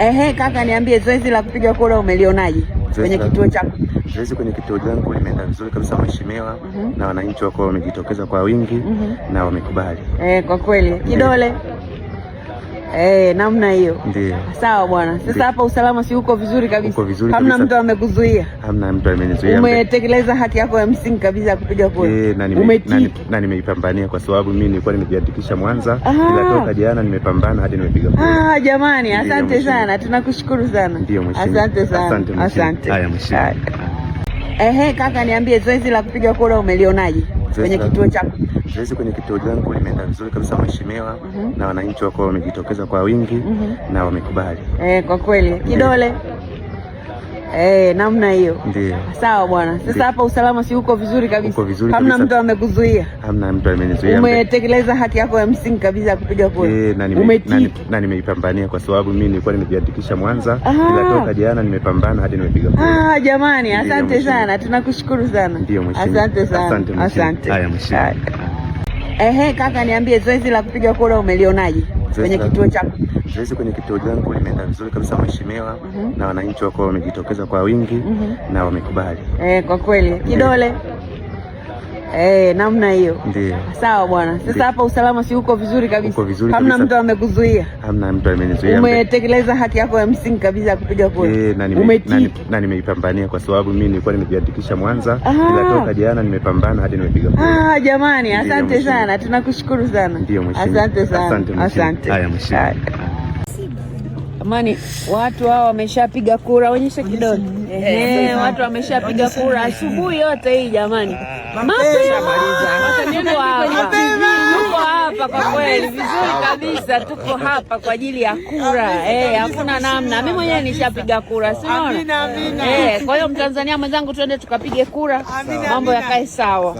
Ehe, kaka niambie zoezi la kupiga kura umelionaje kwenye kituo chako? Zoezi kwenye kituo changu limeenda vizuri kabisa mheshimiwa, mm -hmm. na wananchi wako wamejitokeza kwa wingi mm -hmm. na wamekubali. Eh, kwa kweli kidole Eh, namna hiyo ndio sawa bwana. Sasa hapa usalama si uko vizuri kabisa? Uko vizuri kabisa. Hamna mtu amekuzuia? Hamna mtu amenizuia. Umetekeleza haki yako ya msingi kabisa ya kupiga kura. Eh, na nimeipambania kwa sababu mimi nilikuwa nimejiandikisha Mwanza, ila toka jana nimepambana hadi nimepiga kura. Ah, jamani, asante sana, tunakushukuru sana. Ndio mheshimiwa. Asante sana. Asante. Haya mheshimiwa. Ehe, kaka niambie zoezi la kupiga kura umelionaje kwenye kituo chako? zoezi kwenye kituo changu limeenda vizuri kabisa mheshimiwa, mm -hmm. na wananchi wako wamejitokeza kwa wingi mm -hmm. na wamekubali eh, kwa kweli kidole Eh, namna hiyo ndio sawa bwana. Sasa hapa usalama si uko vizuri kabisa? Hamna mtu amekuzuia? Hamna mtu amenizuia. Umetekeleza haki yako ya msingi kabisa ya kupiga kura eh, na nimeipambania kwa sababu mimi nilikuwa nimejiandikisha Mwanza, ila toka jana nimepambana hadi nimepiga kura. Ah, jamani, asante sana, tunakushukuru sana. Asante sana, asante. Haya mheshimiwa. Ehe, kaka niambie zoezi la kupiga kura umelionaje kwenye kituo chako? Zoezi kwenye kituo changu limeenda vizuri kabisa mheshimiwa, mm -hmm. na wananchi wako wamejitokeza kwa wingi mm -hmm. na wamekubali. Eh, kwa kweli kidole Eh, namna hiyo ndio sawa bwana. Sasa hapa usalama si uko vizuri kabisa? Uko vizuri kabisa. Hamna mtu amekuzuia? Hamna mtu amenizuia. Umetekeleza haki yako ya msingi kabisa kupiga kura. Eh, na nimeipambania kwa sababu mimi nilikuwa nimejiandikisha Mwanza, ila toka jana nimepambana hadi nimepiga kura. Ah, jamani, asante sana, tunakushukuru sana. Ndio mheshimiwa. Asante sana. Asante. Haya mheshimiwa. Amani, watu hao wameshapiga kura, onyesha kidole. Eh, watu wameshapiga kura asubuhi yote hii jamani. Tuko hapa kwa kweli vizuri kabisa, tuko hapa kwa ajili ya kura, eh, hakuna namna. Mimi mwenyewe nishapiga kura, si unaona? Eh, kwa hiyo Mtanzania mwenzangu, twende tukapige kura, mambo yakae sawa.